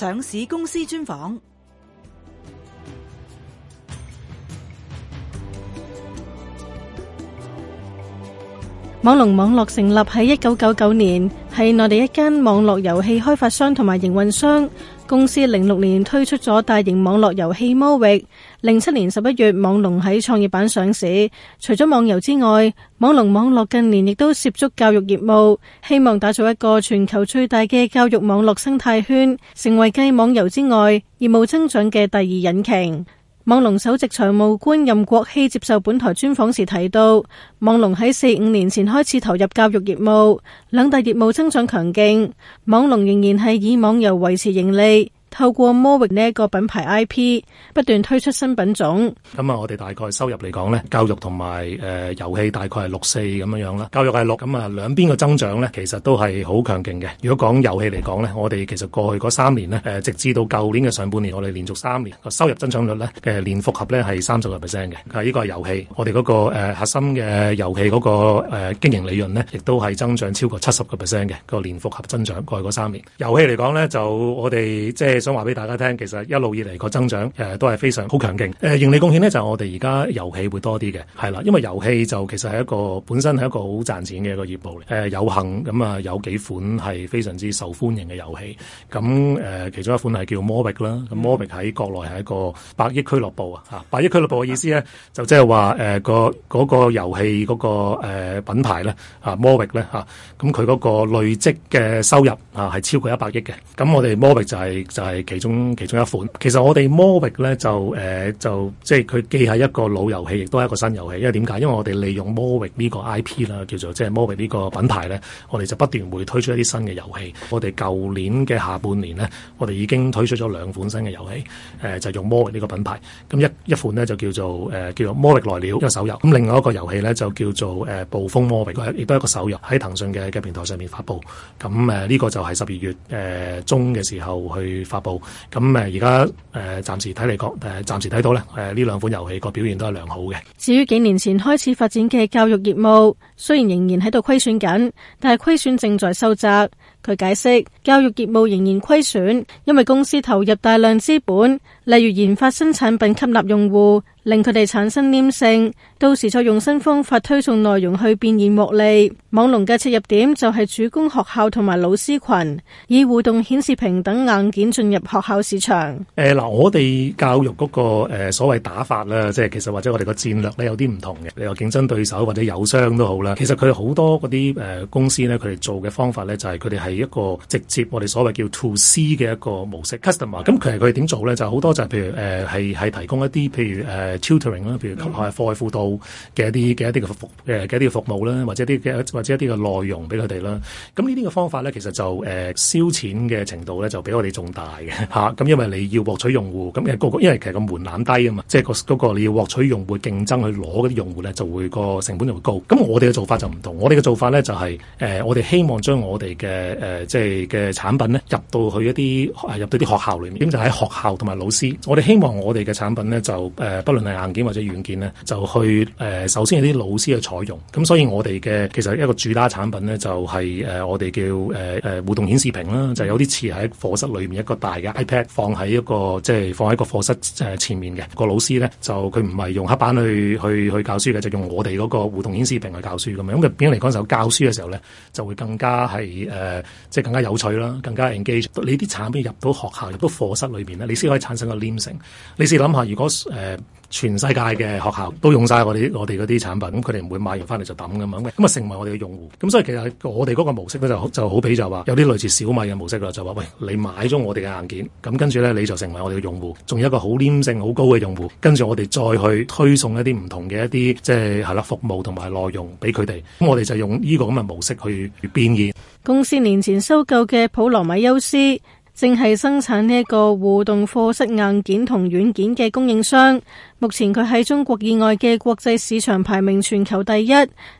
上市公司專訪。網龍網絡成立喺一九九九年，係內地一間網絡遊戲開發商同埋營運商。公司零六年推出咗大型網絡遊戲《魔域》。零七年十一月，網龍喺創業板上市。除咗網遊之外，網龍網絡近年亦都涉足教育業務，希望打造一個全球最大嘅教育網絡生態圈，成為繼網遊之外業務增長嘅第二引擎。網龍首席財務官任國熙接受本台專訪時提到，網龍喺四五年前開始投入教育業務，兩大業務增長強勁，網龍仍然係以網遊維持盈利。透過魔域呢一個品牌 I P 不斷推出新品種。咁啊，我哋大概收入嚟講咧，教育同埋誒遊戲大概係六四咁樣樣啦。教育係六，咁啊兩邊嘅增長咧，其實都係好強勁嘅。如果講遊戲嚟講咧，我哋其實過去嗰三年咧，誒直至到舊年嘅上半年，我哋連續三年個收入增長率咧嘅年複合咧係三十個 percent 嘅、那個。啊，呢個係遊戲，我哋嗰個誒核心嘅遊戲嗰個誒、啊、經營利潤咧，亦都係增長超過七十個 percent 嘅個年複合增長。過去嗰三年，遊戲嚟講咧，就我哋即係。就是想話俾大家聽，其實一路以嚟個增長誒、呃、都係非常好強勁誒，盈利貢獻呢就係、我哋而家遊戲會多啲嘅係啦，因為遊戲就其實係一個本身係一個好賺錢嘅一個業務嚟誒、呃，有幸咁啊、嗯、有幾款係非常之受歡迎嘅遊戲咁誒，其中一款係叫魔域啦，咁魔域喺國內係一個百億俱樂部啊吓，百億俱樂部嘅意思咧就即係話誒個嗰、嗰個遊戲嗰個誒品牌咧啊魔域咧吓，咁佢嗰個累積嘅收入啊係超過一百億嘅，咁我哋魔域就係、是、就係、是。係其中其中一款。其實我哋魔域咧就誒、呃、就即係佢既係一個老遊戲，亦都係一個新遊戲。因為點解？因為我哋利用魔域呢個 I P 啦，叫做即係魔域呢個品牌咧，我哋就不斷會推出一啲新嘅遊戲。我哋舊年嘅下半年咧，我哋已經推出咗兩款新嘅遊戲，呃、就是、用魔域呢個品牌。咁一一款咧就叫做誒、呃、叫做魔域來了，一、一個手遊。咁另外一個遊戲咧就叫做誒、呃、暴風魔域，亦都係一個手遊，喺騰訊嘅嘅平台上面發布。咁呢個就係十二月、呃、中嘅時候去發。咁誒，而家誒，暫時睇嚟講，誒，暫時睇到咧，誒，呢兩款遊戲個表現都係良好嘅。至於幾年前開始發展嘅教育業務，雖然仍然喺度虧損緊，但係虧損正在收窄。佢解釋教育業務仍然虧損，因為公司投入大量資本，例如研發新產品、吸納用戶，令佢哋產生黏性。到時再用新方法推送內容去變現獲利。網龍嘅切入點就係主攻學校同埋老師群，以互動顯示屏等硬件進入學校市場。誒，嗱，我哋教育嗰個誒、呃、所謂打法啦，即係其實或者我哋個戰略咧有啲唔同嘅，你話競爭對手或者友商都好啦。其實佢好多嗰啲誒公司呢，佢哋做嘅方法呢，就係佢哋係。係一個直接我哋所謂叫 to C 嘅一個模式 customer，咁其實佢點做咧？就好、是、多就係譬如誒係係提供一啲譬如誒 tutoring 啦，譬如及下課外輔導嘅一啲嘅一啲嘅服誒嘅一啲嘅服務啦、嗯，或者啲嘅或者一啲嘅內容俾佢哋啦。咁呢啲嘅方法咧，其實就誒燒錢嘅程度咧，就比我哋仲大嘅嚇。咁、啊、因為你要獲取用戶，咁嘅個因為其實個門檻低啊嘛，即係個嗰個你要獲取用戶競爭去攞嗰啲用戶咧，就會個成本就會高。咁我哋嘅做法就唔同，我哋嘅做法咧就係、是、誒、呃，我哋希望將我哋嘅誒、呃、即係嘅產品咧，入到去一啲、啊、入到啲學校裏面，咁就喺學校同埋老師，我哋希望我哋嘅產品咧就誒、呃，不論係硬件或者軟件咧，就去誒、呃、首先係啲老師嘅採用。咁所以我哋嘅其實一個主打產品咧就係、是、誒、呃、我哋叫誒、呃、互動顯示屏啦，就是、有啲似喺課室裏面一個大嘅 iPad 放喺一個即係放喺個課室前面嘅、那個老師咧，就佢唔係用黑板去去去教書嘅，就用我哋嗰個互動顯示屏去教書咁樣。咁嘅點樣嚟講？咁變咗嚟講，就教書嘅時候咧，就會更加係即係更加有趣啦，更加 engage。你啲產品入到學校，入到課室裏邊咧，你先可以產生個黏性。你試諗下，如果誒、呃全世界嘅學校都用晒我哋我哋嗰啲產品，咁佢哋唔會買完翻嚟就抌咁樣嘅，咁啊成為我哋嘅用戶。咁所以其實我哋嗰個模式咧，就就好比就話有啲類似小米嘅模式啦，就話喂，你買咗我哋嘅硬件，咁跟住咧，你就成為我哋嘅用戶，仲有一個好黏性好高嘅用戶，跟住我哋再去推送一啲唔同嘅一啲即係係啦服務同埋內容俾佢哋。咁我哋就用呢個咁嘅模式去變現。公司年前收購嘅普羅米修斯。正係生產呢一個互動課室硬件同軟件嘅供應商。目前佢喺中國以外嘅國際市場排名全球第一，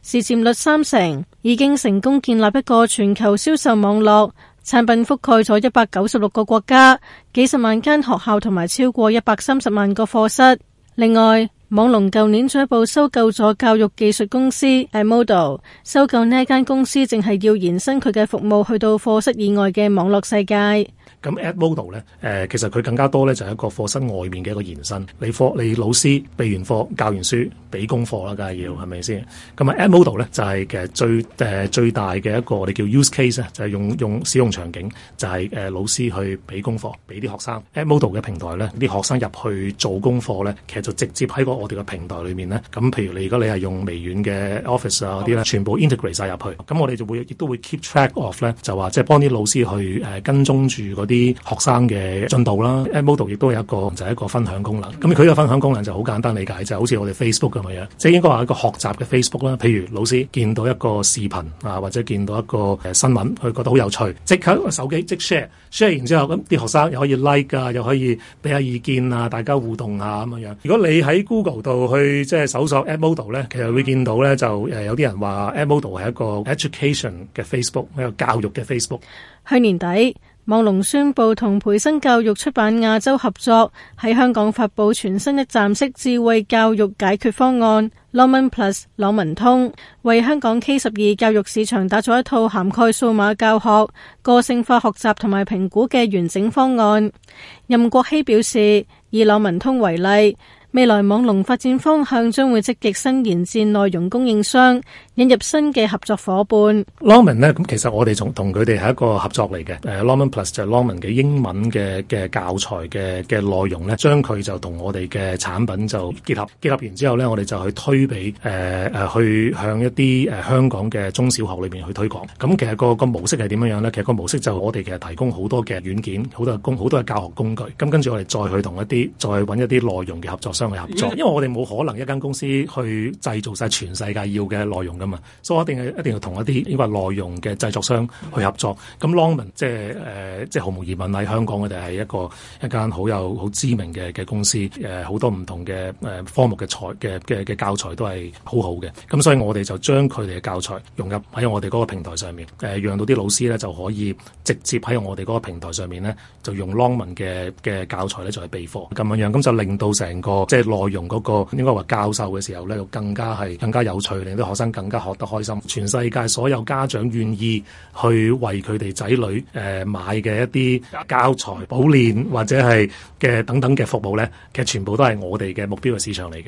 市佔率三成，已經成功建立一個全球銷售網絡，產品覆蓋咗一百九十六個國家、幾十萬間學校同埋超過一百三十萬個課室。另外，網龍舊年進一步收購咗教育技術公司 Edmodo，收購呢間公司正係要延伸佢嘅服務去到課室以外嘅網絡世界。咁 Edmodo 咧，誒、呃、其實佢更加多咧就係、是、一個課室外面嘅一個延伸。你課你老師備完課教完書俾功課啦，梗係要係咪先？咁啊 Edmodo 咧就係其實最誒、呃、最大嘅一個我哋叫 Use Case 啊，就係用用使用場景就係、是、誒、呃、老師去俾功課俾啲學生。Edmodo 嘅平台咧，啲學生入去做功課咧，其實就直接喺個我哋嘅平台裏面咧。咁譬如你如果你係用微軟嘅 Office 啊嗰啲咧，全部 integrate 曬入去。咁我哋就會亦都會 keep track of 咧，就話即係幫啲老師去誒、呃、跟蹤住。嗰啲學生嘅進度啦。Edmodo 亦都有一個就係、是、一個分享功能。咁佢嘅分享功能就好簡單理解，就是、好似我哋 Facebook 咁樣，即係應該話一個學習嘅 Facebook 啦。譬如老師見到一個視頻啊，或者見到一個新聞，佢覺得好有趣，即刻手機即 share share 完之後，咁啲學生又可以 like 啊，又可以俾下意見啊，大家互動下咁樣樣，如果你喺 Google 度去即係搜索 Edmodo 咧，其實會見到咧就誒有啲人話 Edmodo 係一個 education 嘅 Facebook，一個教育嘅 Facebook。去年底。望龍宣布同培生教育出版亞洲合作，喺香港發佈全新一站式智慧教育解決方案—— o 文 Plus、朗文通，為香港 K 十二教育市場打造一套涵蓋數碼教學、個性化學習同埋評估嘅完整方案。任國希表示，以朗文通為例。未來網龍發展方向將會積極伸延展內容供應商，引入新嘅合作伙伴。Longman 咧，咁其實我哋仲同佢哋係一個合作嚟嘅。誒，Longman Plus 就係 Longman 嘅英文嘅嘅教材嘅嘅內容呢，將佢就同我哋嘅產品就結合，結合完之後呢，我哋就去推俾誒誒去向一啲誒香港嘅中小學裏邊去推廣。咁其實個個模式係點樣樣呢？其實個模式就我哋其實提供好多嘅軟件，好多工，好多嘅教學工具。咁跟住我哋再去同一啲，再搵一啲內容嘅合作。相嘅合作，因為我哋冇可能一間公司去製造晒全世界要嘅內容噶嘛，所以我一定係一定要同一啲呢個內容嘅製作商去合作。咁 Longman 即係誒、呃，即係毫無疑問，喺香港我哋係一個一間好有好知名嘅嘅公司。誒、呃，好多唔同嘅誒、呃、科目嘅材嘅嘅嘅教材都係好好嘅。咁所以我哋就將佢哋嘅教材融入喺我哋嗰個平台上面，誒、呃，讓到啲老師咧就可以直接喺我哋嗰個平台上面咧，就用 Longman 嘅嘅教材咧就嘅備課咁樣樣，咁就令到成個即係內容嗰個應該話教授嘅時候咧，更加係更加有趣，令到學生更加學得開心。全世界所有家長願意去為佢哋仔女誒、呃、買嘅一啲教材補練或者係嘅等等嘅服務咧，其實全部都係我哋嘅目標嘅市場嚟嘅。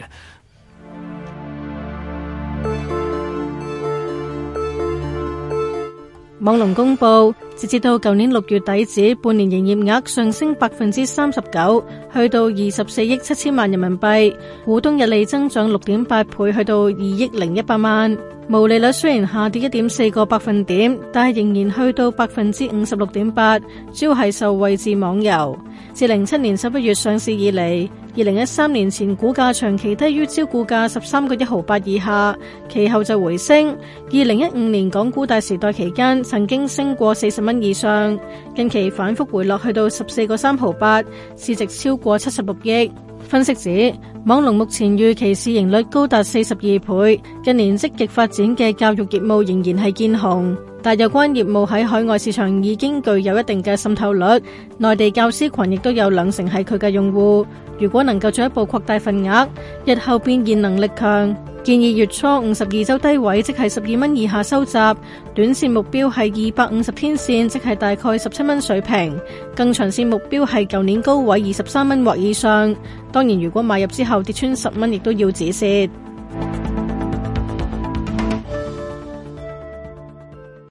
網龍公佈，截至到舊年六月底止，半年營業額上升百分之三十九，去到二十四億七千萬人民幣，股東溢利增長六點八倍，去到二億零一百萬。毛利率雖然下跌一點四個百分點，但係仍然去到百分之五十六點八，主要係受位置網遊。自零七年十一月上市以嚟，二零一三年前股價長期低於招股價十三個一毫八以下，其後就回升。二零一五年港股大時代期間，曾經升過四十蚊以上，近期反覆回落去到十四個三毫八，市值超過七十六億。分析指，網龍目前預期市盈率高達四十二倍，近年積極發展嘅教育業務仍然係見紅，但有關業務喺海外市場已經具有一定嘅滲透率，內地教師群亦都有兩成係佢嘅用戶。如果能夠進一步擴大份額，日後變現能力強，建議月初五十二周低位，即係十二蚊以下收集，短線目標係二百五十天線，即係大概十七蚊水平，更長線目標係舊年高位二十三蚊或以上。當然，如果買入之後跌穿十蚊，亦都要止蝕。